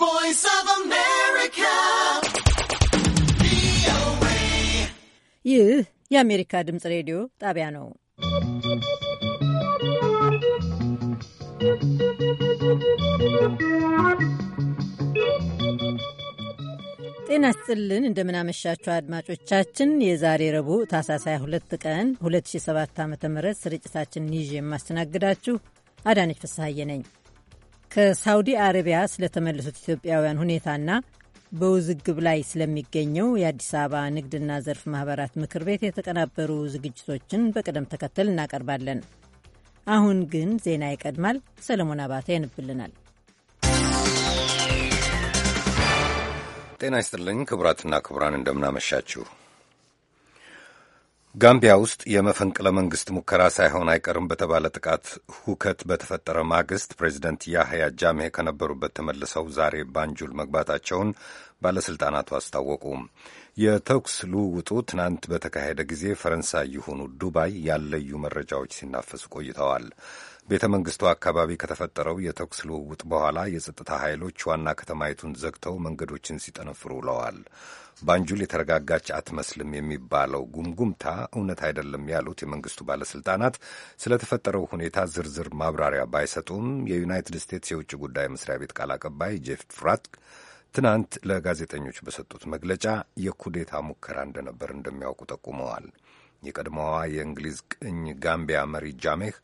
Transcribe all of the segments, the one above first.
voice of America. ይህ የአሜሪካ ድምፅ ሬዲዮ ጣቢያ ነው። ጤና ስጥልን እንደምናመሻችሁ አድማጮቻችን። የዛሬ ረቡዕ ታህሳስ 2 ቀን 2007 ዓ ም ስርጭታችንን ይዤ የማስተናግዳችሁ አዳነች ፍስሐዬ ነኝ። ከሳውዲ አረቢያ ስለተመለሱት ኢትዮጵያውያን ሁኔታና በውዝግብ ላይ ስለሚገኘው የአዲስ አበባ ንግድና ዘርፍ ማህበራት ምክር ቤት የተቀናበሩ ዝግጅቶችን በቅደም ተከተል እናቀርባለን። አሁን ግን ዜና ይቀድማል። ሰለሞን አባተ ያነብልናል። ጤና ይስጥልኝ ክቡራትና ክቡራን፣ እንደምናመሻችሁ ጋምቢያ ውስጥ የመፈንቅለ መንግስት ሙከራ ሳይሆን አይቀርም በተባለ ጥቃት ሁከት በተፈጠረ ማግስት ፕሬዚደንት ያህያ ጃሜ ከነበሩበት ተመልሰው ዛሬ ባንጁል መግባታቸውን ባለሥልጣናቱ አስታወቁ። የተኩስ ልውውጡ ትናንት በተካሄደ ጊዜ ፈረንሳይ የሆኑ ዱባይ ያለዩ መረጃዎች ሲናፈሱ ቆይተዋል። ቤተ መንግሥቱ አካባቢ ከተፈጠረው የተኩስ ልውውጥ በኋላ የጸጥታ ኃይሎች ዋና ከተማይቱን ዘግተው መንገዶችን ሲጠነፍሩ ውለዋል። ባንጁል የተረጋጋች አትመስልም የሚባለው ጉምጉምታ እውነት አይደለም ያሉት የመንግስቱ ባለስልጣናት ስለተፈጠረው ሁኔታ ዝርዝር ማብራሪያ ባይሰጡም የዩናይትድ ስቴትስ የውጭ ጉዳይ መስሪያ ቤት ቃል አቀባይ ጄፍ ፍራትክ ትናንት ለጋዜጠኞች በሰጡት መግለጫ የኩዴታ ሙከራ እንደነበር እንደሚያውቁ ጠቁመዋል። የቀድሞዋ የእንግሊዝ ቅኝ ጋምቢያ መሪ ጃሜህ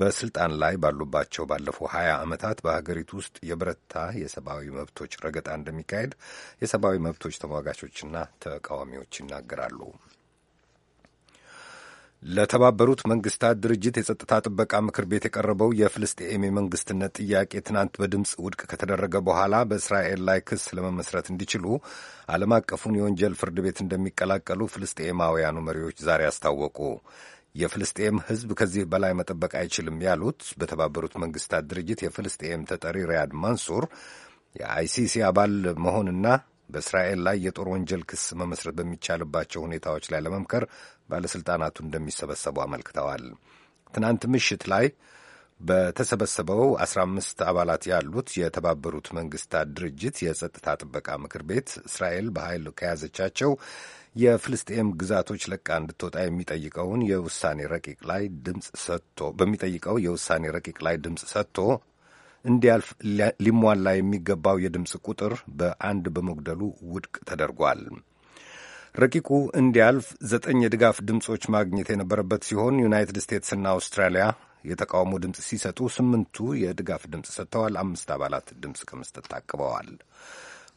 በስልጣን ላይ ባሉባቸው ባለፉ ሀያ ዓመታት በሀገሪቱ ውስጥ የበረታ የሰብአዊ መብቶች ረገጣ እንደሚካሄድ የሰብአዊ መብቶች ተሟጋቾችና ተቃዋሚዎች ይናገራሉ። ለተባበሩት መንግስታት ድርጅት የጸጥታ ጥበቃ ምክር ቤት የቀረበው የፍልስጤም የመንግስትነት ጥያቄ ትናንት በድምፅ ውድቅ ከተደረገ በኋላ በእስራኤል ላይ ክስ ለመመስረት እንዲችሉ ዓለም አቀፉን የወንጀል ፍርድ ቤት እንደሚቀላቀሉ ፍልስጤማውያኑ መሪዎች ዛሬ አስታወቁ። የፍልስጤም ሕዝብ ከዚህ በላይ መጠበቅ አይችልም ያሉት በተባበሩት መንግስታት ድርጅት የፍልስጤም ተጠሪ ሪያድ ማንሱር የአይሲሲ አባል መሆንና በእስራኤል ላይ የጦር ወንጀል ክስ መመስረት በሚቻልባቸው ሁኔታዎች ላይ ለመምከር ባለሥልጣናቱ እንደሚሰበሰቡ አመልክተዋል። ትናንት ምሽት ላይ በተሰበሰበው 15 አባላት ያሉት የተባበሩት መንግስታት ድርጅት የጸጥታ ጥበቃ ምክር ቤት እስራኤል በኃይል ከያዘቻቸው የፍልስጤም ግዛቶች ለቃ እንድትወጣ የሚጠይቀውን የውሳኔ ረቂቅ ላይ ድምፅ ሰጥቶ በሚጠይቀው የውሳኔ ረቂቅ ላይ ድምፅ ሰጥቶ እንዲያልፍ ሊሟላ የሚገባው የድምፅ ቁጥር በአንድ በመጉደሉ ውድቅ ተደርጓል። ረቂቁ እንዲያልፍ ዘጠኝ የድጋፍ ድምፆች ማግኘት የነበረበት ሲሆን ዩናይትድ ስቴትስና አውስትራሊያ የተቃውሞ ድምፅ ሲሰጡ ስምንቱ የድጋፍ ድምፅ ሰጥተዋል። አምስት አባላት ድምፅ ከመስጠት ታቅበዋል።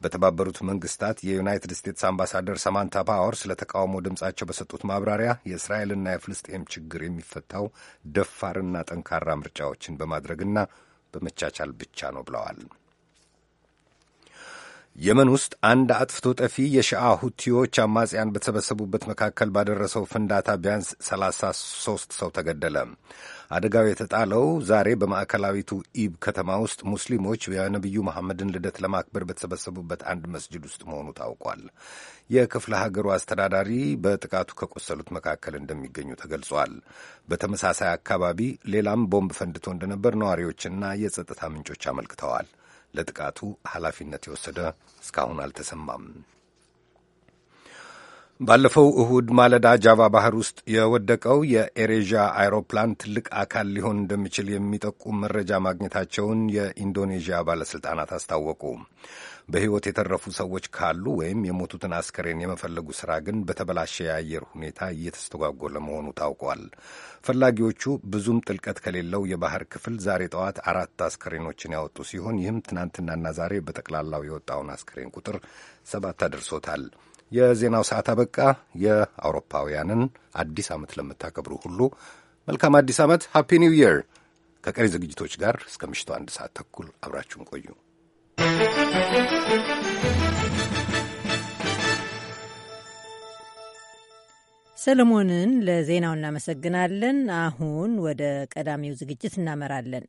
በተባበሩት መንግስታት የዩናይትድ ስቴትስ አምባሳደር ሰማንታ ፓወር ስለ ተቃውሞ ድምፃቸው በሰጡት ማብራሪያ የእስራኤልና የፍልስጤም ችግር የሚፈታው ደፋርና ጠንካራ ምርጫዎችን በማድረግና በመቻቻል ብቻ ነው ብለዋል። የመን ውስጥ አንድ አጥፍቶ ጠፊ የሺአ ሁቲዎች አማጽያን በተሰበሰቡበት መካከል ባደረሰው ፍንዳታ ቢያንስ 33 ሰው ተገደለ። አደጋው የተጣለው ዛሬ በማዕከላዊቱ ኢብ ከተማ ውስጥ ሙስሊሞች የነቢዩ መሐመድን ልደት ለማክበር በተሰበሰቡበት አንድ መስጅድ ውስጥ መሆኑ ታውቋል። የክፍለ ሀገሩ አስተዳዳሪ በጥቃቱ ከቆሰሉት መካከል እንደሚገኙ ተገልጿል። በተመሳሳይ አካባቢ ሌላም ቦምብ ፈንድቶ እንደነበር ነዋሪዎችና የጸጥታ ምንጮች አመልክተዋል። ለጥቃቱ ኃላፊነት የወሰደ እስካሁን አልተሰማም። ባለፈው እሁድ ማለዳ ጃቫ ባህር ውስጥ የወደቀው የኤሬዣ አይሮፕላን ትልቅ አካል ሊሆን እንደሚችል የሚጠቁም መረጃ ማግኘታቸውን የኢንዶኔዥያ ባለሥልጣናት አስታወቁ። በሕይወት የተረፉ ሰዎች ካሉ ወይም የሞቱትን አስከሬን የመፈለጉ ሥራ ግን በተበላሸ የአየር ሁኔታ እየተስተጓጎለ መሆኑ ታውቋል። ፈላጊዎቹ ብዙም ጥልቀት ከሌለው የባህር ክፍል ዛሬ ጠዋት አራት አስከሬኖችን ያወጡ ሲሆን ይህም ትናንትናና ዛሬ በጠቅላላው የወጣውን አስከሬን ቁጥር ሰባት አድርሶታል። የዜናው ሰዓት አበቃ። የአውሮፓውያንን አዲስ ዓመት ለምታከብሩ ሁሉ መልካም አዲስ ዓመት፣ ሃፒ ኒው ይር። ከቀሪ ዝግጅቶች ጋር እስከ ምሽቱ አንድ ሰዓት ተኩል አብራችሁን ቆዩ። ሰለሞንን ለዜናው እናመሰግናለን። አሁን ወደ ቀዳሚው ዝግጅት እናመራለን።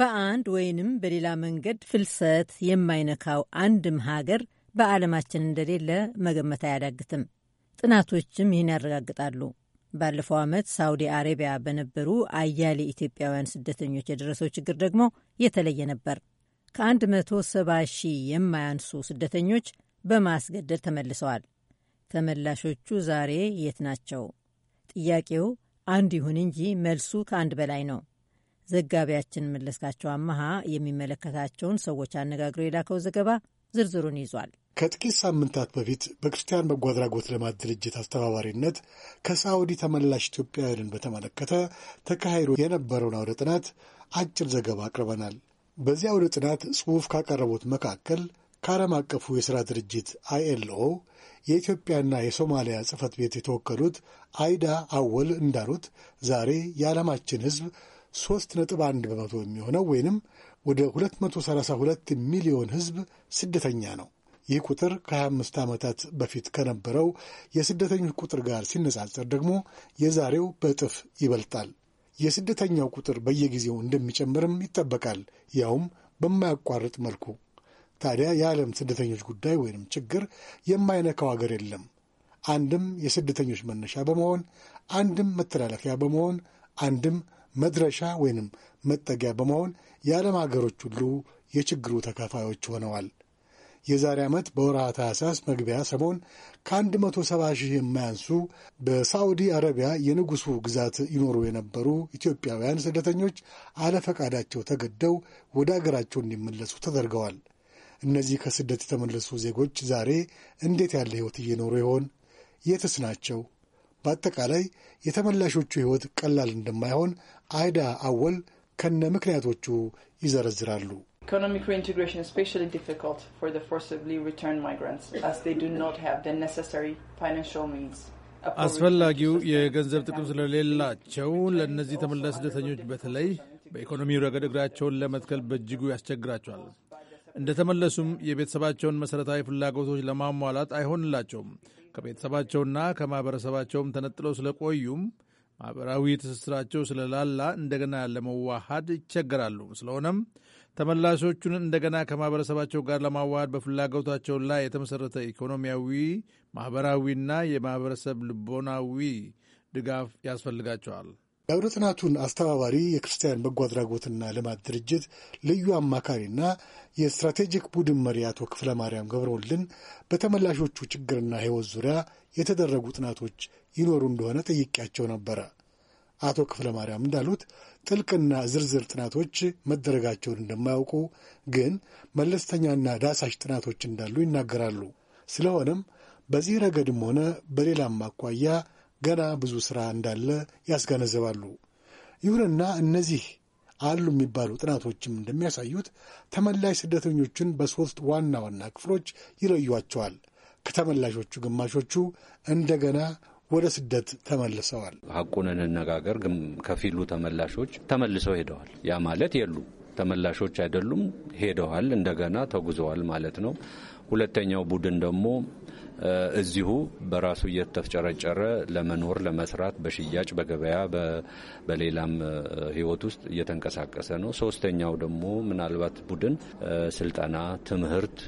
በአንድ ወይንም በሌላ መንገድ ፍልሰት የማይነካው አንድም ሀገር በዓለማችን እንደሌለ መገመት አያዳግትም። ጥናቶችም ይህን ያረጋግጣሉ። ባለፈው ዓመት ሳውዲ አረቢያ በነበሩ አያሌ ኢትዮጵያውያን ስደተኞች የደረሰው ችግር ደግሞ የተለየ ነበር። ከ170 ሺህ የማያንሱ ስደተኞች በማስገደል ተመልሰዋል። ተመላሾቹ ዛሬ የት ናቸው? ጥያቄው አንድ ይሁን እንጂ መልሱ ከአንድ በላይ ነው። ዘጋቢያችን መለስካቸው አመሃ የሚመለከታቸውን ሰዎች አነጋግሮ የላከው ዘገባ ዝርዝሩን ይዟል። ከጥቂት ሳምንታት በፊት በክርስቲያን በጎ አድራጎት ልማት ድርጅት አስተባባሪነት ከሳዑዲ ተመላሽ ኢትዮጵያውያንን በተመለከተ ተካሂዶ የነበረውን አውደ ጥናት አጭር ዘገባ አቅርበናል። በዚህ አውደ ጥናት ጽሑፍ ካቀረቡት መካከል ከዓለም አቀፉ የሥራ ድርጅት አይኤልኦ የኢትዮጵያና የሶማሊያ ጽህፈት ቤት የተወከሉት አይዳ አወል እንዳሉት ዛሬ የዓለማችን ሕዝብ ሶስት ነጥብ አንድ በመቶ የሚሆነው ወይንም ወደ 232 ሚሊዮን ሕዝብ ስደተኛ ነው። ይህ ቁጥር ከ25 ዓመታት በፊት ከነበረው የስደተኞች ቁጥር ጋር ሲነጻጸር ደግሞ የዛሬው በእጥፍ ይበልጣል። የስደተኛው ቁጥር በየጊዜው እንደሚጨምርም ይጠበቃል፣ ያውም በማያቋርጥ መልኩ። ታዲያ የዓለም ስደተኞች ጉዳይ ወይም ችግር የማይነካው አገር የለም። አንድም የስደተኞች መነሻ በመሆን አንድም መተላለፊያ በመሆን አንድም መድረሻ ወይንም መጠጊያ በመሆን የዓለም አገሮች ሁሉ የችግሩ ተካፋዮች ሆነዋል። የዛሬ ዓመት በወርሃ ታህሳስ መግቢያ ሰሞን ከ170 ሺህ የማያንሱ በሳዑዲ አረቢያ የንጉሡ ግዛት ይኖሩ የነበሩ ኢትዮጵያውያን ስደተኞች አለፈቃዳቸው ተገደው ወደ አገራቸው እንዲመለሱ ተደርገዋል። እነዚህ ከስደት የተመለሱ ዜጎች ዛሬ እንዴት ያለ ሕይወት እየኖሩ ይሆን? የትስ ናቸው? በአጠቃላይ የተመላሾቹ ሕይወት ቀላል እንደማይሆን አይዳ አወል ከነ ምክንያቶቹ ይዘረዝራሉ። ኢኮኖሚክ ሪኢንቴግሬሽን ኢዝ ስፔሻሊ ዲፊካልት ፎር ዘ ፎርሲብሊ ሪተርን አስፈላጊው የገንዘብ ጥቅም ስለሌላቸው ለእነዚህ ተመላሽ ስደተኞች በተለይ በኢኮኖሚ ረገድ እግራቸውን ለመትከል በእጅጉ ያስቸግራቸዋል። እንደተመለሱም የቤተሰባቸውን መሠረታዊ ፍላጎቶች ለማሟላት አይሆንላቸውም። ከቤተሰባቸውና ከማኅበረሰባቸውም ተነጥለው ስለቆዩም ማኅበራዊ ትስስራቸው ስለላላ እንደገና ለመዋሃድ ይቸገራሉ። ስለሆነም ተመላሾቹን እንደገና ከማኅበረሰባቸው ጋር ለማዋሃድ በፍላጎታቸው ላይ የተመሠረተ ኢኮኖሚያዊ፣ ማኅበራዊና የማኅበረሰብ ልቦናዊ ድጋፍ ያስፈልጋቸዋል። የአውደ ጥናቱን አስተባባሪ የክርስቲያን በጎ አድራጎትና ልማት ድርጅት ልዩ አማካሪና የስትራቴጂክ ቡድን መሪ አቶ ክፍለ ማርያም ገብረወልድን በተመላሾቹ ችግርና ሕይወት ዙሪያ የተደረጉ ጥናቶች ይኖሩ እንደሆነ ጠይቄያቸው ነበረ። አቶ ክፍለ ማርያም እንዳሉት ጥልቅና ዝርዝር ጥናቶች መደረጋቸውን እንደማያውቁ፣ ግን መለስተኛና ዳሳሽ ጥናቶች እንዳሉ ይናገራሉ። ስለሆነም በዚህ ረገድም ሆነ በሌላም አኳያ ገና ብዙ ሥራ እንዳለ ያስገነዘባሉ። ይሁንና እነዚህ አሉ የሚባሉ ጥናቶችም እንደሚያሳዩት ተመላሽ ስደተኞችን በሦስት ዋና ዋና ክፍሎች ይለዩቸዋል። ከተመላሾቹ ግማሾቹ እንደገና ወደ ስደት ተመልሰዋል። ሐቁን እንነጋገር። ከፊሉ ተመላሾች ተመልሰው ሄደዋል። ያ ማለት የሉ ተመላሾች አይደሉም፣ ሄደዋል፣ እንደገና ተጉዘዋል ማለት ነው። ሁለተኛው ቡድን ደግሞ እዚሁ በራሱ እየተፍጨረጨረ ለመኖር ለመስራት፣ በሽያጭ በገበያ በሌላም ህይወት ውስጥ እየተንቀሳቀሰ ነው። ሶስተኛው ደግሞ ምናልባት ቡድን ስልጠና፣ ትምህርት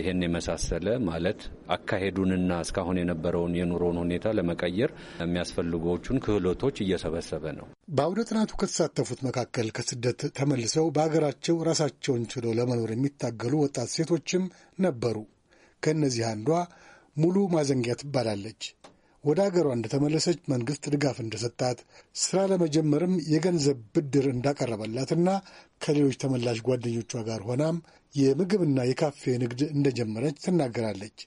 ይህን የመሳሰለ ማለት አካሄዱንና እስካሁን የነበረውን የኑሮን ሁኔታ ለመቀየር የሚያስፈልጎቹን ክህሎቶች እየሰበሰበ ነው። በአውደ ጥናቱ ከተሳተፉት መካከል ከስደት ተመልሰው በሀገራቸው ራሳቸውን ችለው ለመኖር የሚታገሉ ወጣት ሴቶችም ነበሩ። ከእነዚህ አንዷ ሙሉ ማዘንጊያ ትባላለች። ወደ አገሯ እንደተመለሰች መንግሥት ድጋፍ እንደሰጣት ሥራ ለመጀመርም የገንዘብ ብድር እንዳቀረበላትና ከሌሎች ተመላሽ ጓደኞቿ ጋር ሆናም የምግብና የካፌ ንግድ እንደጀመረች ትናገራለች።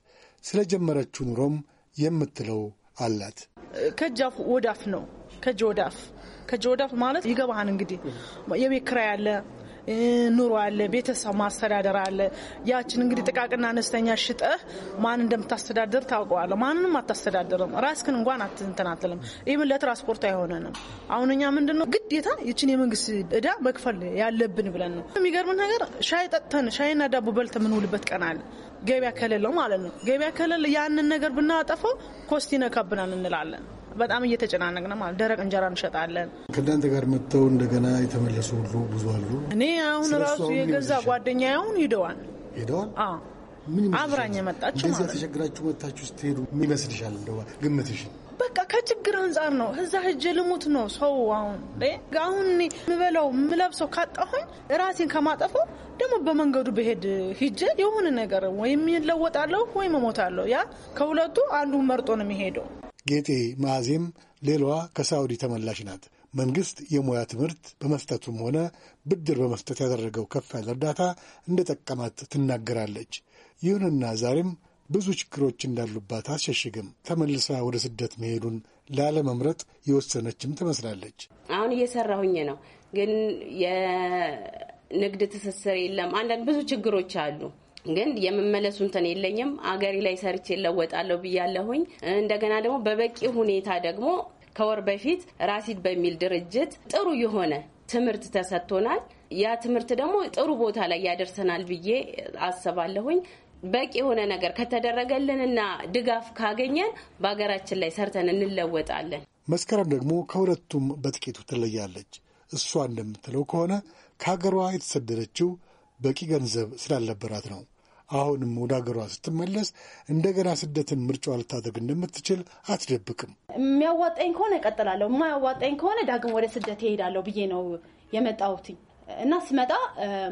ስለጀመረችው ኑሮም የምትለው አላት። ከጃፍ ወዳፍ ነው። ከጆዳፍ ከጆዳፍ ማለት ይገባሃል እንግዲህ የቤት ኪራይ አለ፣ ኑሮ አለ፣ ቤተሰብ ማስተዳደር አለ። ያችን እንግዲህ ጥቃቅና አነስተኛ ሽጠህ ማን እንደምታስተዳደር ታውቀዋለህ። ማንንም አታስተዳደርም። ራስክን እንኳን አትንትናትልም። ይህምን ለትራንስፖርት አይሆነንም። አሁን እኛ ምንድን ነው ግዴታ ይችን የመንግስት እዳ መክፈል ያለብን ብለን ነው። የሚገርምን ነገር ሻይ ጠጥተን ሻይና ዳቦ በልተ ምንውልበት ቀን አለ። ገበያ ከሌለው ማለት ነው። ገቢያ ከሌለ ያንን ነገር ብናጠፈው ኮስት ይነካብናል እንላለን። በጣም እየተጨናነቅ ነው ማለት ደረቅ እንጀራ እንሸጣለን። ከእናንተ ጋር መጥተው እንደገና የተመለሱ ሁሉ ብዙ አሉ። እኔ አሁን ራሱ የገዛ ጓደኛ አሁን ሂደዋል ሂደዋል አብራኝ የመጣችሁ ማለት ተቸግራችሁ መታችሁ ስትሄዱ ምን ይመስልሻል? እንደ ግምትሽ በቃ ከችግር አንጻር ነው። እዛ ሂጅ ልሙት ነው ሰው አሁን አሁን ምበለው ምለብሰው ካጣሁኝ ራሴን ከማጠፈው ደግሞ በመንገዱ በሄድ ሂጅ የሆነ ነገር ወይም ለወጣለሁ ወይም እሞታለሁ። ያ ከሁለቱ አንዱ መርጦ ነው የሚሄደው። ጌጤ ማዜም ሌላዋ ከሳውዲ ተመላሽ ናት። መንግሥት የሙያ ትምህርት በመስጠቱም ሆነ ብድር በመስጠት ያደረገው ከፍ ያለ እርዳታ እንደ ጠቀማት ትናገራለች። ይሁንና ዛሬም ብዙ ችግሮች እንዳሉባት አስሸሽግም። ተመልሳ ወደ ስደት መሄዱን ላለመምረጥ የወሰነችም ትመስላለች። አሁን እየሰራሁኝ ነው፣ ግን የንግድ ትስስር የለም። አንዳንድ ብዙ ችግሮች አሉ። ግን የምመለሱ እንትን የለኝም። አገሪ ላይ ሰርቼ ለወጣለሁ ብያለሁኝ። እንደገና ደግሞ በበቂ ሁኔታ ደግሞ ከወር በፊት ራሲድ በሚል ድርጅት ጥሩ የሆነ ትምህርት ተሰጥቶናል። ያ ትምህርት ደግሞ ጥሩ ቦታ ላይ ያደርሰናል ብዬ አስባለሁኝ። በቂ የሆነ ነገር ከተደረገልንና ድጋፍ ካገኘን በሀገራችን ላይ ሰርተን እንለወጣለን። መስከረም ደግሞ ከሁለቱም በጥቂቱ ትለያለች። እሷ እንደምትለው ከሆነ ከሀገሯ የተሰደደችው በቂ ገንዘብ ስላልነበራት ነው። አሁንም ወደ ሀገሯ ስትመለስ እንደገና ስደትን ምርጫዋ ልታደርግ እንደምትችል አትደብቅም። የሚያዋጣኝ ከሆነ እቀጥላለሁ፣ የማያዋጣኝ ከሆነ ዳግም ወደ ስደት እሄዳለሁ ብዬ ነው የመጣሁትኝ እና ስመጣ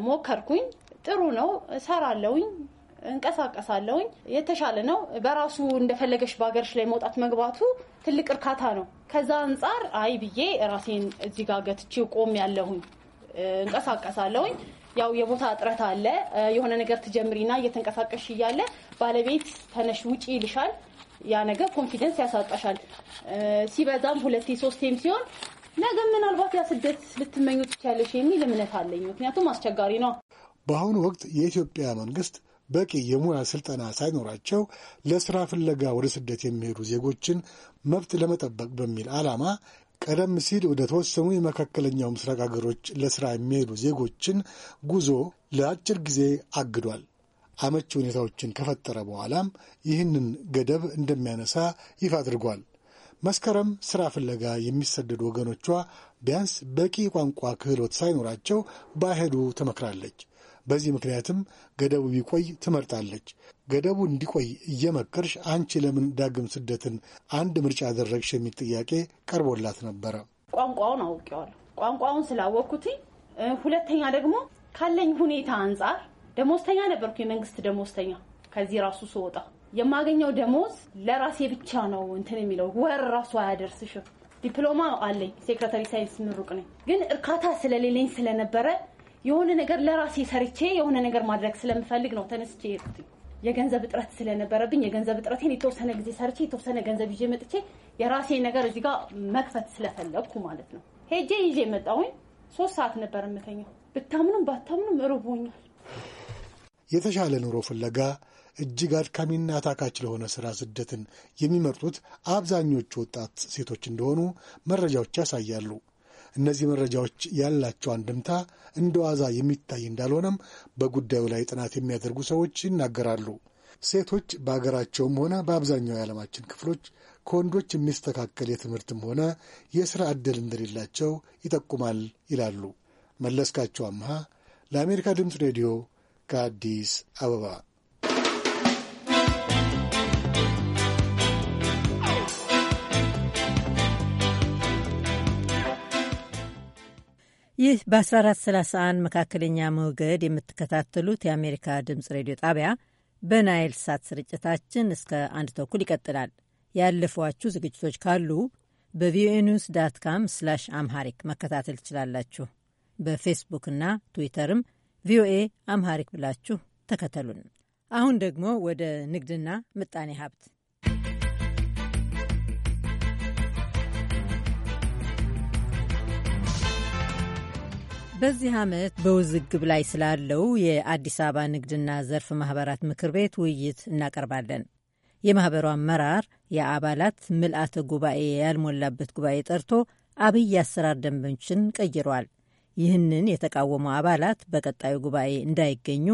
ሞከርኩኝ። ጥሩ ነው፣ እሰራለሁኝ፣ እንቀሳቀሳለሁኝ፣ የተሻለ ነው። በራሱ እንደፈለገሽ በሀገርሽ ላይ መውጣት መግባቱ ትልቅ እርካታ ነው። ከዛ አንጻር አይ ብዬ ራሴን እዚህ ጋር ገትቼ ቆም ያለሁኝ፣ እንቀሳቀሳለሁኝ ያው የቦታ እጥረት አለ። የሆነ ነገር ትጀምሪና እየተንቀሳቀሽ እያለ ባለቤት ተነሽ ውጪ ይልሻል። ያ ነገር ኮንፊደንስ ያሳጣሻል። ሲበዛም ሁለቴ ሶስቴም ሲሆን ነገ ምናልባት ያ ስደት ልትመኙ ትችያለሽ የሚል እምነት አለኝ። ምክንያቱም አስቸጋሪ ነው። በአሁኑ ወቅት የኢትዮጵያ መንግስት በቂ የሙያ ስልጠና ሳይኖራቸው ለስራ ፍለጋ ወደ ስደት የሚሄዱ ዜጎችን መብት ለመጠበቅ በሚል ዓላማ ቀደም ሲል ወደ ተወሰኑ የመካከለኛው ምስራቅ አገሮች ለሥራ የሚሄዱ ዜጎችን ጉዞ ለአጭር ጊዜ አግዷል። አመቺ ሁኔታዎችን ከፈጠረ በኋላም ይህንን ገደብ እንደሚያነሳ ይፋ አድርጓል። መስከረም ሥራ ፍለጋ የሚሰደዱ ወገኖቿ ቢያንስ በቂ ቋንቋ ክህሎት ሳይኖራቸው ባይሄዱ ትመክራለች። በዚህ ምክንያትም ገደቡ ቢቆይ ትመርጣለች። ገደቡ እንዲቆይ እየመከርሽ አንቺ ለምን ዳግም ስደትን አንድ ምርጫ አደረግሽ የሚል ጥያቄ ቀርቦላት ነበረ። ቋንቋውን አውቄዋለሁ። ቋንቋውን ስላወቅኩት፣ ሁለተኛ ደግሞ ካለኝ ሁኔታ አንጻር ደሞዝተኛ ነበርኩ፣ የመንግስት ደሞዝተኛ። ከዚህ ራሱ ስወጣ የማገኘው ደሞዝ ለራሴ ብቻ ነው እንትን የሚለው ወር ራሱ አያደርስሽም። ዲፕሎማ አለኝ፣ ሴክረታሪ ሳይንስ ምሩቅ ነኝ። ግን እርካታ ስለሌለኝ ስለነበረ የሆነ ነገር ለራሴ ሰርቼ የሆነ ነገር ማድረግ ስለምፈልግ ነው ተነስቼ የሄድኩት። የገንዘብ እጥረት ስለነበረብኝ የገንዘብ እጥረቴን የተወሰነ ጊዜ ሰርቼ የተወሰነ ገንዘብ ይዤ መጥቼ የራሴ ነገር እዚህ ጋር መክፈት ስለፈለግኩ ማለት ነው ሄጄ ይዤ መጣሁኝ። ሶስት ሰዓት ነበር የምተኛው። ብታምኑም ባታምኑም እርቦኛል። የተሻለ ኑሮ ፍለጋ እጅግ አድካሚና ታካች ለሆነ ስራ ስደትን የሚመርጡት አብዛኞቹ ወጣት ሴቶች እንደሆኑ መረጃዎች ያሳያሉ። እነዚህ መረጃዎች ያላቸው አንድምታ እንደ ዋዛ የሚታይ እንዳልሆነም በጉዳዩ ላይ ጥናት የሚያደርጉ ሰዎች ይናገራሉ። ሴቶች በሀገራቸውም ሆነ በአብዛኛው የዓለማችን ክፍሎች ከወንዶች የሚስተካከል የትምህርትም ሆነ የሥራ ዕድል እንደሌላቸው ይጠቁማል ይላሉ። መለስካቸው አምሃ ለአሜሪካ ድምፅ ሬዲዮ ከአዲስ አበባ ይህ በ1431 መካከለኛ ሞገድ የምትከታተሉት የአሜሪካ ድምፅ ሬዲዮ ጣቢያ በናይል ሳት ስርጭታችን እስከ አንድ ተኩል ይቀጥላል። ያለፏችሁ ዝግጅቶች ካሉ በቪኦኤ ኒውስ ዳት ካም ስላሽ አምሃሪክ መከታተል ትችላላችሁ። በፌስቡክና ትዊተርም ቪኦኤ አምሃሪክ ብላችሁ ተከተሉን። አሁን ደግሞ ወደ ንግድና ምጣኔ ሀብት በዚህ ዓመት በውዝግብ ላይ ስላለው የአዲስ አበባ ንግድና ዘርፍ ማኅበራት ምክር ቤት ውይይት እናቀርባለን። የማኅበሩ አመራር የአባላት ምልአተ ጉባኤ ያልሞላበት ጉባኤ ጠርቶ አብይ አሰራር ደንቦችን ቀይሯል። ይህንን የተቃወሙ አባላት በቀጣዩ ጉባኤ እንዳይገኙ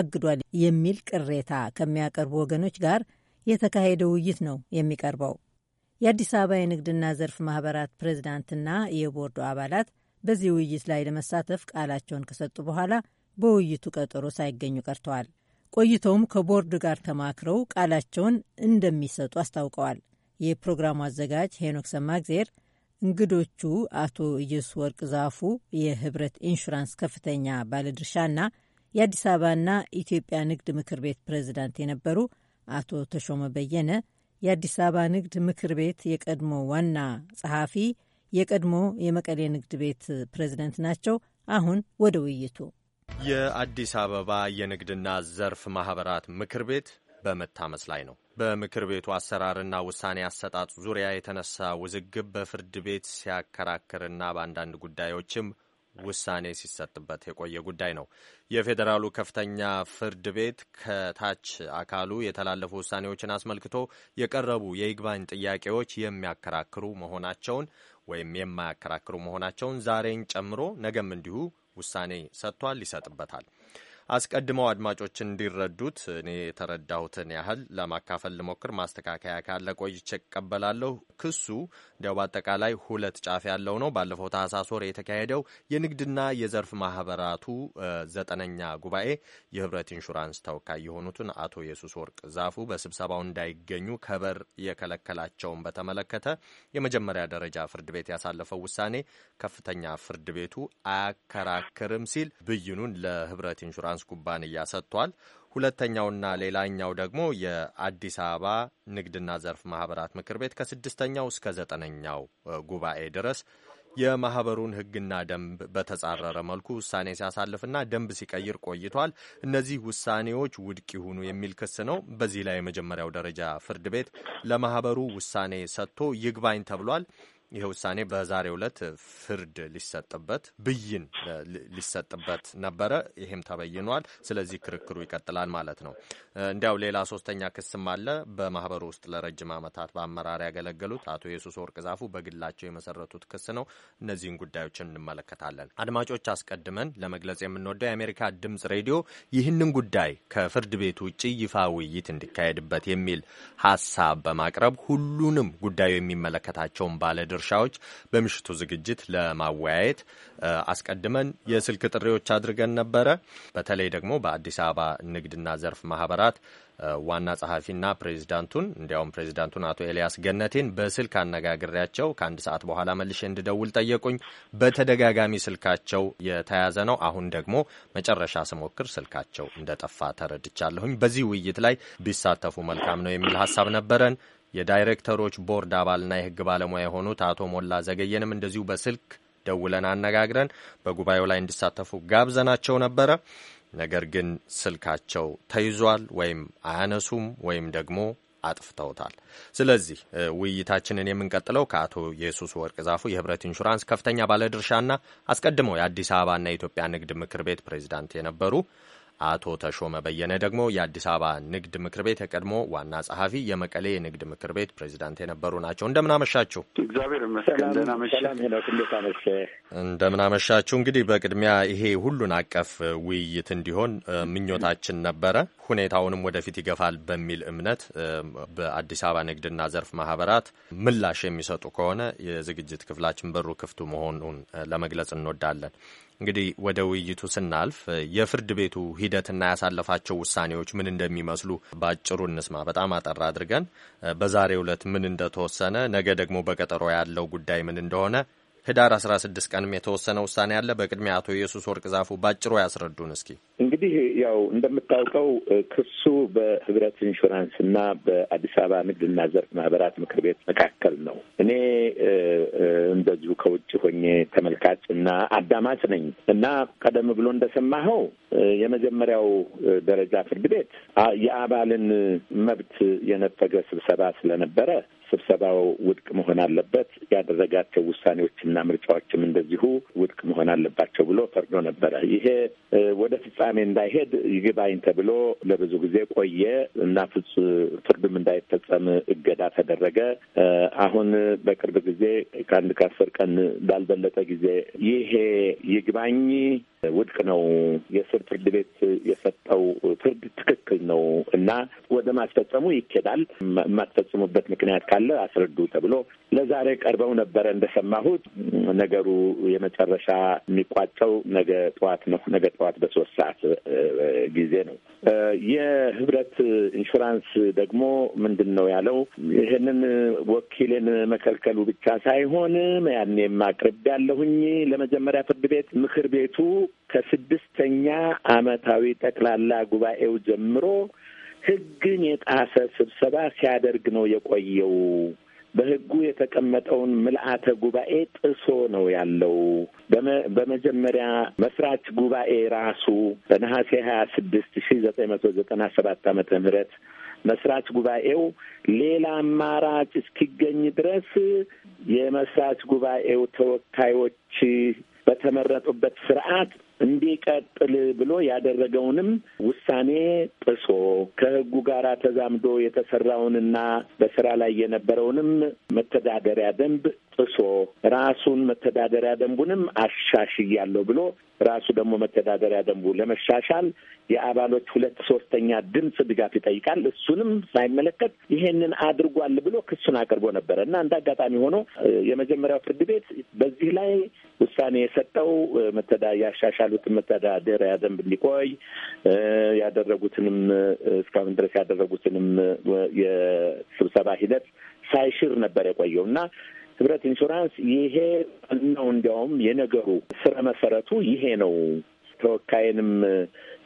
አግዷል የሚል ቅሬታ ከሚያቀርቡ ወገኖች ጋር የተካሄደ ውይይት ነው የሚቀርበው። የአዲስ አበባ የንግድና ዘርፍ ማኅበራት ፕሬዚዳንትና የቦርዱ አባላት በዚህ ውይይት ላይ ለመሳተፍ ቃላቸውን ከሰጡ በኋላ በውይይቱ ቀጠሮ ሳይገኙ ቀርተዋል። ቆይተውም ከቦርድ ጋር ተማክረው ቃላቸውን እንደሚሰጡ አስታውቀዋል። የፕሮግራሙ አዘጋጅ ሄኖክ ሰማግዜር እንግዶቹ አቶ ኢየሱስ ወርቅ ዛፉ የህብረት ኢንሹራንስ ከፍተኛ ባለድርሻና የአዲስ አበባና ኢትዮጵያ ንግድ ምክር ቤት ፕሬዝዳንት የነበሩ አቶ ተሾመ በየነ፣ የአዲስ አበባ ንግድ ምክር ቤት የቀድሞ ዋና ጸሐፊ የቀድሞ የመቀሌ ንግድ ቤት ፕሬዝደንት ናቸው። አሁን ወደ ውይይቱ። የአዲስ አበባ የንግድና ዘርፍ ማህበራት ምክር ቤት በመታመስ ላይ ነው። በምክር ቤቱ አሰራርና ውሳኔ አሰጣጥ ዙሪያ የተነሳ ውዝግብ በፍርድ ቤት ሲያከራክርና በአንዳንድ ጉዳዮችም ውሳኔ ሲሰጥበት የቆየ ጉዳይ ነው። የፌዴራሉ ከፍተኛ ፍርድ ቤት ከታች አካሉ የተላለፉ ውሳኔዎችን አስመልክቶ የቀረቡ የይግባኝ ጥያቄዎች የሚያከራክሩ መሆናቸውን ወይም የማያከራክሩ መሆናቸውን ዛሬን ጨምሮ ነገም እንዲሁ ውሳኔ ሰጥቷል፣ ይሰጥበታል። አስቀድመው አድማጮች እንዲረዱት እኔ የተረዳሁትን ያህል ለማካፈል ልሞክር። ማስተካከያ ካለ ቆይቼ እቀበላለሁ። ክሱ እንዲያው በአጠቃላይ ሁለት ጫፍ ያለው ነው። ባለፈው ታህሳስ ወር የተካሄደው የንግድና የዘርፍ ማህበራቱ ዘጠነኛ ጉባኤ የህብረት ኢንሹራንስ ተወካይ የሆኑትን አቶ የሱስ ወርቅ ዛፉ በስብሰባው እንዳይገኙ ከበር የከለከላቸውን በተመለከተ የመጀመሪያ ደረጃ ፍርድ ቤት ያሳለፈው ውሳኔ ከፍተኛ ፍርድ ቤቱ አያከራክርም ሲል ብይኑን ለህብረት ኢንሹራንስ ኢንሹራንስ ኩባንያ ሰጥቷል። ሁለተኛውና ሌላኛው ደግሞ የአዲስ አበባ ንግድና ዘርፍ ማህበራት ምክር ቤት ከስድስተኛው እስከ ዘጠነኛው ጉባኤ ድረስ የማህበሩን ሕግና ደንብ በተጻረረ መልኩ ውሳኔ ሲያሳልፍና ደንብ ሲቀይር ቆይቷል። እነዚህ ውሳኔዎች ውድቅ ይሁኑ የሚል ክስ ነው። በዚህ ላይ የመጀመሪያው ደረጃ ፍርድ ቤት ለማህበሩ ውሳኔ ሰጥቶ ይግባኝ ተብሏል። ይህ ውሳኔ በዛሬው ዕለት ፍርድ ሊሰጥበት ብይን ሊሰጥበት ነበረ። ይሄም ተበይኗል። ስለዚህ ክርክሩ ይቀጥላል ማለት ነው። እንዲያው ሌላ ሶስተኛ ክስም አለ። በማህበሩ ውስጥ ለረጅም ዓመታት በአመራር ያገለገሉት አቶ የሱስ ወርቅ ዛፉ በግላቸው የመሰረቱት ክስ ነው። እነዚህን ጉዳዮችን እንመለከታለን። አድማጮች፣ አስቀድመን ለመግለጽ የምንወደው የአሜሪካ ድምጽ ሬዲዮ ይህንን ጉዳይ ከፍርድ ቤት ውጭ ይፋ ውይይት እንዲካሄድበት የሚል ሀሳብ በማቅረብ ሁሉንም ጉዳዩ የሚመለከታቸውን ባለድር ድርሻዎች በምሽቱ ዝግጅት ለማወያየት አስቀድመን የስልክ ጥሪዎች አድርገን ነበረ። በተለይ ደግሞ በአዲስ አበባ ንግድና ዘርፍ ማህበራት ዋና ጸሐፊና ፕሬዚዳንቱን እንዲያውም ፕሬዚዳንቱን አቶ ኤልያስ ገነቴን በስልክ አነጋግሬያቸው ከአንድ ሰዓት በኋላ መልሼ እንድደውል ጠየቁኝ። በተደጋጋሚ ስልካቸው የተያዘ ነው። አሁን ደግሞ መጨረሻ ስሞክር ስልካቸው እንደጠፋ ተረድቻለሁኝ። በዚህ ውይይት ላይ ቢሳተፉ መልካም ነው የሚል ሀሳብ ነበረን። የዳይሬክተሮች ቦርድ አባልና የህግ ባለሙያ የሆኑት አቶ ሞላ ዘገየንም እንደዚሁ በስልክ ደውለን አነጋግረን በጉባኤው ላይ እንዲሳተፉ ጋብዘናቸው ነበረ። ነገር ግን ስልካቸው ተይዟል፣ ወይም አያነሱም ወይም ደግሞ አጥፍተውታል። ስለዚህ ውይይታችንን የምንቀጥለው ከአቶ ኢየሱስ ወርቅ ዛፉ የህብረት ኢንሹራንስ ከፍተኛ ባለድርሻና አስቀድመው የአዲስ አበባና የኢትዮጵያ ንግድ ምክር ቤት ፕሬዚዳንት የነበሩ አቶ ተሾመ በየነ ደግሞ የአዲስ አበባ ንግድ ምክር ቤት የቀድሞ ዋና ጸሐፊ፣ የመቀሌ የንግድ ምክር ቤት ፕሬዚዳንት የነበሩ ናቸው። እንደምናመሻችሁ። እግዚአብሔር ይመስገን። እንደምናመሻችሁ። እንግዲህ በቅድሚያ ይሄ ሁሉን አቀፍ ውይይት እንዲሆን ምኞታችን ነበረ። ሁኔታውንም ወደፊት ይገፋል በሚል እምነት በአዲስ አበባ ንግድና ዘርፍ ማህበራት ምላሽ የሚሰጡ ከሆነ የዝግጅት ክፍላችን በሩ ክፍቱ መሆኑን ለመግለጽ እንወዳለን። እንግዲህ ወደ ውይይቱ ስናልፍ የፍርድ ቤቱ ሂደትና ያሳለፋቸው ውሳኔዎች ምን እንደሚመስሉ በአጭሩ እንስማ። በጣም አጠር አድርገን በዛሬው ዕለት ምን እንደተወሰነ፣ ነገ ደግሞ በቀጠሮ ያለው ጉዳይ ምን እንደሆነ ህዳር 16 ቀንም የተወሰነ ውሳኔ አለ። በቅድሚያ አቶ ኢየሱስ ወርቅ ዛፉ ባጭሩ ያስረዱን እስኪ። እንግዲህ ያው እንደምታውቀው ክሱ በህብረት ኢንሹራንስ እና በአዲስ አበባ ንግድና ዘርፍ ማህበራት ምክር ቤት መካከል ነው። እኔ እንደዚሁ ከውጭ ሆኜ ተመልካች እና አዳማጭ ነኝ እና ቀደም ብሎ እንደሰማኸው የመጀመሪያው ደረጃ ፍርድ ቤት የአባልን መብት የነፈገ ስብሰባ ስለነበረ ስብሰባው ውድቅ መሆን አለበት፣ ያደረጋቸው ውሳኔዎችና ምርጫዎችም እንደዚሁ ውድቅ መሆን አለባቸው ብሎ ፈርዶ ነበረ። ይሄ ወደ ፍጻሜ እንዳይሄድ ይግባኝ ተብሎ ለብዙ ጊዜ ቆየ እና ፍርድም ፍርዱም እንዳይፈጸም እገዳ ተደረገ። አሁን በቅርብ ጊዜ ከአንድ ከአስር ቀን ባልበለጠ ጊዜ ይሄ ይግባኝ ውድቅ ነው። የስር ፍርድ ቤት የሰጠው ፍርድ ትክክል ነው እና ወደ ማስፈጸሙ ይኬዳል። የማትፈጽሙበት ምክንያት ካለ አስረዱ ተብሎ ለዛሬ ቀርበው ነበረ እንደሰማሁት። ነገሩ የመጨረሻ የሚቋጨው ነገ ጠዋት ነው። ነገ ጠዋት በሶስት ሰዓት ጊዜ ነው። የህብረት ኢንሹራንስ ደግሞ ምንድን ነው ያለው? ይህንን ወኪልን መከልከሉ ብቻ ሳይሆን ያኔም አቅርቤ ያለሁኝ ለመጀመሪያ ፍርድ ቤት ምክር ቤቱ ከስድስተኛ ዓመታዊ ጠቅላላ ጉባኤው ጀምሮ ሕግን የጣሰ ስብሰባ ሲያደርግ ነው የቆየው። በሕጉ የተቀመጠውን ምልአተ ጉባኤ ጥሶ ነው ያለው። በመጀመሪያ መስራች ጉባኤ ራሱ በነሐሴ ሀያ ስድስት ሺ ዘጠኝ መቶ ዘጠና ሰባት ዓመተ ምህረት መስራች ጉባኤው ሌላ አማራጭ እስኪገኝ ድረስ የመስራች ጉባኤው ተወካዮች በተመረጡበት ስርዓት እንዲቀጥል ብሎ ያደረገውንም ውሳኔ ጥሶ ከህጉ ጋር ተዛምዶ የተሰራውንና በስራ ላይ የነበረውንም መተዳደሪያ ደንብ አፍርሶ ራሱን መተዳደሪያ ደንቡንም አሻሽያለሁ ብሎ ራሱ ደግሞ መተዳደሪያ ደንቡ ለመሻሻል የአባሎች ሁለት ሶስተኛ ድምፅ ድጋፍ ይጠይቃል። እሱንም ሳይመለከት ይሄንን አድርጓል ብሎ ክሱን አቅርቦ ነበረ እና እንደ አጋጣሚ ሆኖ የመጀመሪያው ፍርድ ቤት በዚህ ላይ ውሳኔ የሰጠው መተዳ ያሻሻሉትን መተዳደሪያ ደንብ እንዲቆይ ያደረጉትንም እስካሁን ድረስ ያደረጉትንም የስብሰባ ሂደት ሳይሽር ነበር የቆየው እና ህብረት ኢንሹራንስ ይሄ ነው። እንዲያውም የነገሩ ስረ መሰረቱ ይሄ ነው። ተወካይንም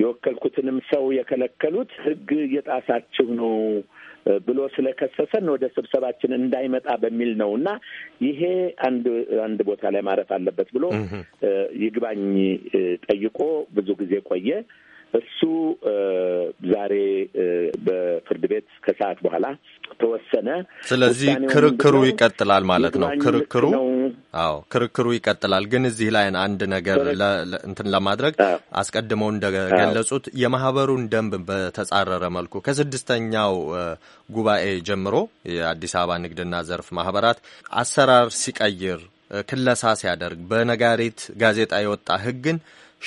የወከልኩትንም ሰው የከለከሉት ህግ እየጣሳችሁ ነው ብሎ ስለከሰሰን ወደ ስብሰባችን እንዳይመጣ በሚል ነው እና ይሄ አንድ አንድ ቦታ ላይ ማረፍ አለበት ብሎ ይግባኝ ጠይቆ ብዙ ጊዜ ቆየ። እሱ ዛሬ በፍርድ ቤት ከሰዓት በኋላ ተወሰነ። ስለዚህ ክርክሩ ይቀጥላል ማለት ነው። ክርክሩ አዎ፣ ክርክሩ ይቀጥላል። ግን እዚህ ላይ አንድ ነገር እንትን ለማድረግ አስቀድመው እንደገለጹት የማህበሩን ደንብ በተጻረረ መልኩ ከስድስተኛው ጉባኤ ጀምሮ የአዲስ አበባ ንግድና ዘርፍ ማህበራት አሰራር ሲቀይር፣ ክለሳ ሲያደርግ፣ በነጋሪት ጋዜጣ የወጣ ህግን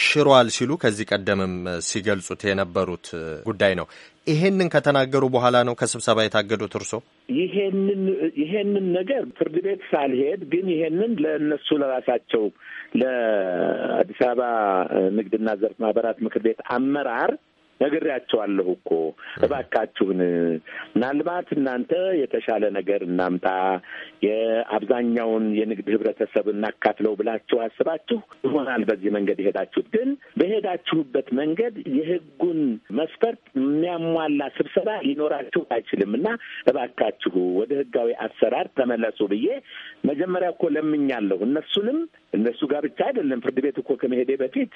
ሽሯል ሲሉ ከዚህ ቀደምም ሲገልጹት የነበሩት ጉዳይ ነው። ይሄንን ከተናገሩ በኋላ ነው ከስብሰባ የታገዱት እርሶ? ይሄንን ይሄንን ነገር ፍርድ ቤት ሳልሄድ ግን ይሄንን ለእነሱ ለራሳቸው ለአዲስ አበባ ንግድና ዘርፍ ማህበራት ምክር ቤት አመራር ነግሬያቸዋለሁ እኮ እባካችሁን፣ ምናልባት እናንተ የተሻለ ነገር እናምጣ፣ የአብዛኛውን የንግድ ህብረተሰብ እናካፍለው ብላችሁ አስባችሁ ይሆናል በዚህ መንገድ የሄዳችሁት። ግን በሄዳችሁበት መንገድ የህጉን መስፈርት የሚያሟላ ስብሰባ ሊኖራችሁ አይችልም እና እባካችሁ ወደ ህጋዊ አሰራር ተመለሱ ብዬ መጀመሪያ እኮ ለምኛለሁ እነሱንም እነሱ ጋር ብቻ አይደለም። ፍርድ ቤት እኮ ከመሄዴ በፊት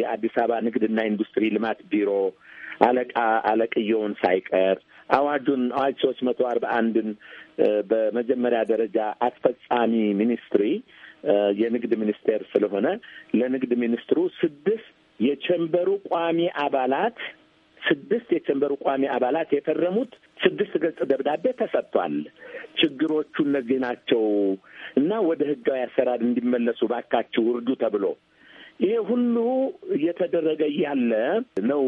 የአዲስ አበባ ንግድና ኢንዱስትሪ ልማት ቢሮ አለቃ አለቅየውን ሳይቀር አዋጁን አዋጅ ሶስት መቶ አርባ አንድን በመጀመሪያ ደረጃ አስፈጻሚ ሚኒስትሪ የንግድ ሚኒስቴር ስለሆነ ለንግድ ሚኒስትሩ ስድስት የቸንበሩ ቋሚ አባላት ስድስት የቸንበሩ ቋሚ አባላት የፈረሙት ስድስት ገጽ ደብዳቤ ተሰጥቷል። ችግሮቹ እነዚህ ናቸው እና ወደ ህጋዊ አሰራር እንዲመለሱ ባካችሁ ውርዱ ተብሎ ይሄ ሁሉ እየተደረገ ያለ ነው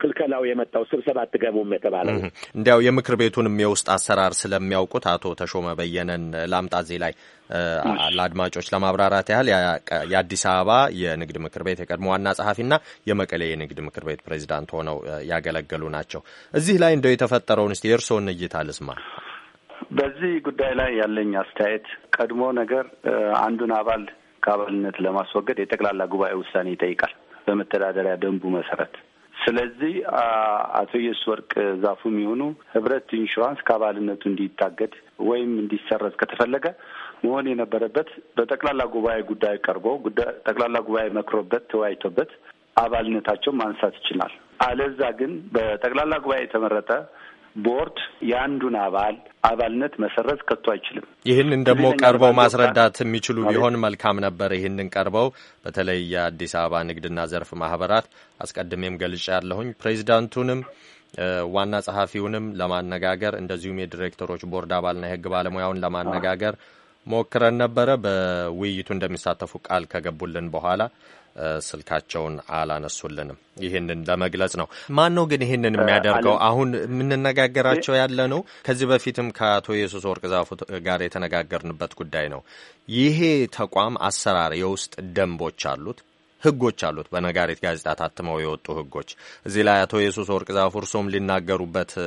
ክልከላው የመጣው ስብሰባ አትገቡም የተባለ እንዲያው የምክር ቤቱንም የውስጥ አሰራር ስለሚያውቁት አቶ ተሾመ በየነን ላምጣ እዚህ ላይ ለአድማጮች ለማብራራት ያህል የአዲስ አበባ የንግድ ምክር ቤት የቀድሞ ዋና ጸሐፊና የመቀሌ የንግድ ምክር ቤት ፕሬዚዳንት ሆነው ያገለገሉ ናቸው። እዚህ ላይ እንደው የተፈጠረውን እስቲ የእርስዎን እይታ ልስማ። በዚህ ጉዳይ ላይ ያለኝ አስተያየት ቀድሞ ነገር አንዱን አባል ከአባልነት ለማስወገድ የጠቅላላ ጉባኤ ውሳኔ ይጠይቃል በመተዳደሪያ ደንቡ መሰረት። ስለዚህ አቶ የሱ ወርቅ ዛፉ የሚሆኑ ህብረት ኢንሹራንስ ከአባልነቱ እንዲታገድ ወይም እንዲሰረዝ ከተፈለገ መሆን የነበረበት በጠቅላላ ጉባኤ ጉዳይ ቀርቦ ጠቅላላ ጉባኤ መክሮበት ተወያይቶበት አባልነታቸው ማንሳት ይችላል። አለዛ ግን በጠቅላላ ጉባኤ የተመረጠ ቦርድ የአንዱን አባል አባልነት መሰረዝ ከቶ አይችልም። ይህንን ደግሞ ቀርበው ማስረዳት የሚችሉ ቢሆን መልካም ነበር። ይህንን ቀርበው በተለይ የአዲስ አበባ ንግድና ዘርፍ ማህበራት አስቀድሜም ገልጫ ያለሁኝ ፕሬዚዳንቱንም ዋና ጸሐፊውንም ለማነጋገር እንደዚሁም የዲሬክተሮች ቦርድ አባልና የህግ ባለሙያውን ለማነጋገር ሞክረን ነበረ። በውይይቱ እንደሚሳተፉ ቃል ከገቡልን በኋላ ስልካቸውን አላነሱልንም። ይህንን ለመግለጽ ነው። ማን ነው ግን ይህንን የሚያደርገው? አሁን የምንነጋገራቸው ያለ ነው። ከዚህ በፊትም ከአቶ ኢየሱስ ወርቅ ዛፉ ጋር የተነጋገርንበት ጉዳይ ነው። ይሄ ተቋም አሰራር፣ የውስጥ ደንቦች አሉት። ህጎች አሉት። በነጋሪት ጋዜጣ ታትመው የወጡ ህጎች። እዚህ ላይ አቶ የሱስ ወርቅ ዛፉ እርሶም ሊናገሩበት eh,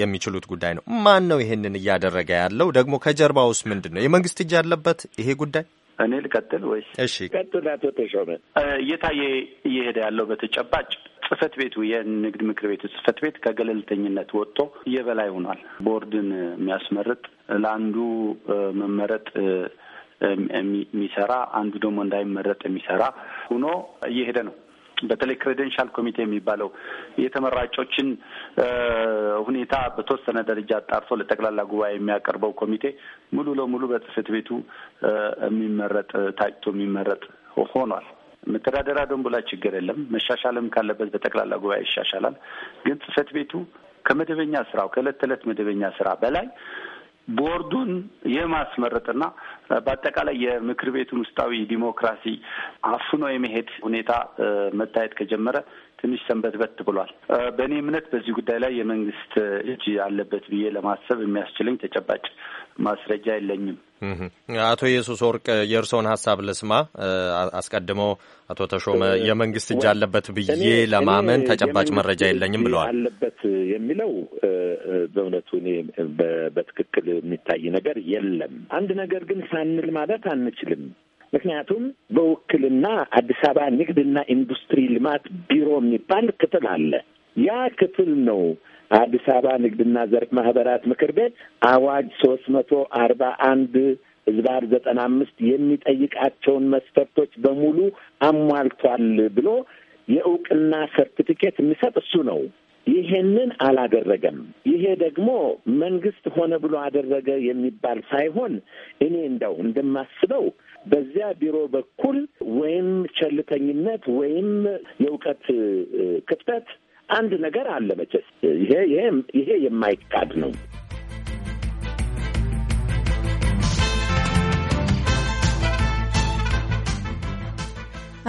የሚችሉት ጉዳይ ነው። ማን ነው ይህንን እያደረገ ያለው? ደግሞ ከጀርባ ውስጥ ምንድን ነው? የመንግስት እጅ ያለበት ይሄ ጉዳይ? እኔ ልቀጥል ወይ? እሺ ቀጥል። አቶ ተሾመ eh, እየታየ እየሄደ ያለው በተጨባጭ ጽህፈት ቤቱ የንግድ ምክር ቤቱ ጽህፈት ቤት ከገለልተኝነት ወጥቶ የበላይ ሆኗል። ቦርድን የሚያስመርጥ ለአንዱ eh, መመረጥ የሚሰራ አንዱ ደግሞ እንዳይመረጥ የሚሰራ ሆኖ እየሄደ ነው። በተለይ ክሬደንሻል ኮሚቴ የሚባለው የተመራጮችን ሁኔታ በተወሰነ ደረጃ አጣርቶ ለጠቅላላ ጉባኤ የሚያቀርበው ኮሚቴ ሙሉ ለሙሉ በጽህፈት ቤቱ የሚመረጥ ታጭቶ የሚመረጥ ሆኗል። መተዳደሪያ ደንቡ ላይ ችግር የለም። መሻሻልም ካለበት በጠቅላላ ጉባኤ ይሻሻላል። ግን ጽህፈት ቤቱ ከመደበኛ ስራው ከእለት ተዕለት መደበኛ ስራ በላይ ቦርዱን የማስመረጥና በአጠቃላይ የምክር ቤቱን ውስጣዊ ዲሞክራሲ አፍኖ የመሄድ ሁኔታ መታየት ከጀመረ ትንሽ ሰንበት በት ብሏል። በእኔ እምነት በዚህ ጉዳይ ላይ የመንግስት እጅ አለበት ብዬ ለማሰብ የሚያስችለኝ ተጨባጭ ማስረጃ የለኝም። አቶ ኢየሱስ ወርቅ የእርስዎን ሀሳብ ልስማ። አስቀድሞ አቶ ተሾመ የመንግስት እጅ አለበት ብዬ ለማመን ተጨባጭ መረጃ የለኝም ብለዋል። አለበት የሚለው በእውነቱ እኔ በትክክል የሚታይ ነገር የለም። አንድ ነገር ግን ሳንል ማለት አንችልም። ምክንያቱም በውክልና አዲስ አበባ ንግድና ኢንዱስትሪ ልማት ቢሮ የሚባል ክፍል አለ። ያ ክፍል ነው አዲስ አበባ ንግድና ዘርፍ ማህበራት ምክር ቤት አዋጅ ሶስት መቶ አርባ አንድ ህዝባር ዘጠና አምስት የሚጠይቃቸውን መስፈርቶች በሙሉ አሟልቷል ብሎ የእውቅና ሰርቲፊኬት የሚሰጥ እሱ ነው። ይሄንን አላደረገም። ይሄ ደግሞ መንግስት ሆነ ብሎ አደረገ የሚባል ሳይሆን እኔ እንደው እንደማስበው በዚያ ቢሮ በኩል ወይም ቸልተኝነት ወይም የእውቀት ክፍተት አንድ ነገር አለ መቼስ ይሄ ይሄ የማይካድ ነው።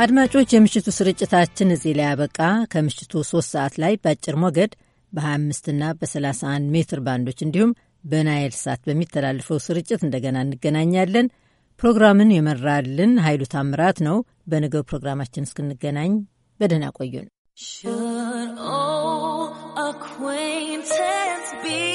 አድማጮች የምሽቱ ስርጭታችን እዚህ ላይ ያበቃ። ከምሽቱ ሶስት ሰዓት ላይ በአጭር ሞገድ በ25 እና በ31 ሜትር ባንዶች እንዲሁም በናይል ሳት በሚተላልፈው ስርጭት እንደገና እንገናኛለን። ፕሮግራምን የመራልን ኃይሉ ታምራት ነው። በነገው ፕሮግራማችን እስክንገናኝ በደህና ቆዩን። acquaintance be.